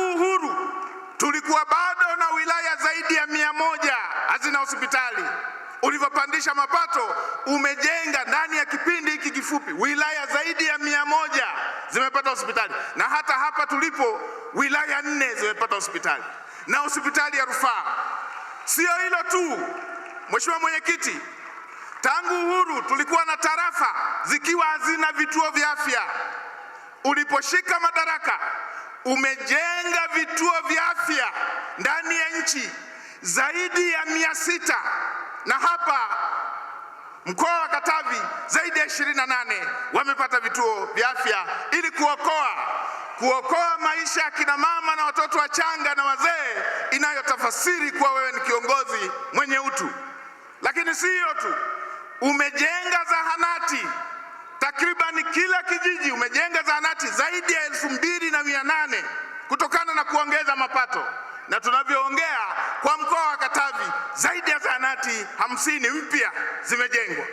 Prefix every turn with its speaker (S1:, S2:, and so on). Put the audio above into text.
S1: tangu uhuru tulikuwa bado na wilaya zaidi ya mia moja hazina hospitali. Ulivyopandisha mapato, umejenga ndani ya kipindi hiki kifupi wilaya zaidi ya mia moja zimepata hospitali, na hata hapa tulipo wilaya nne zimepata hospitali na hospitali ya rufaa. Sio hilo tu, Mheshimiwa Mwenyekiti, tangu uhuru tulikuwa na tarafa zikiwa hazina vituo vya afya. Uliposhika madaraka umejenga vituo vya afya ndani ya nchi zaidi ya mia sita na hapa mkoa wa Katavi zaidi ya ishirini na nane wamepata vituo vya afya ili kuokoa kuokoa maisha ya kina mama na watoto wachanga na wazee, inayotafasiri kuwa wewe ni kiongozi mwenye utu. Lakini si hiyo tu, umejenga zahanati takribani kila kijiji, umejenga zahanati zaidi ya elfu mbili na mia nane na kuongeza mapato, na tunavyoongea kwa mkoa wa Katavi zaidi ya zahanati hamsini mpya zimejengwa.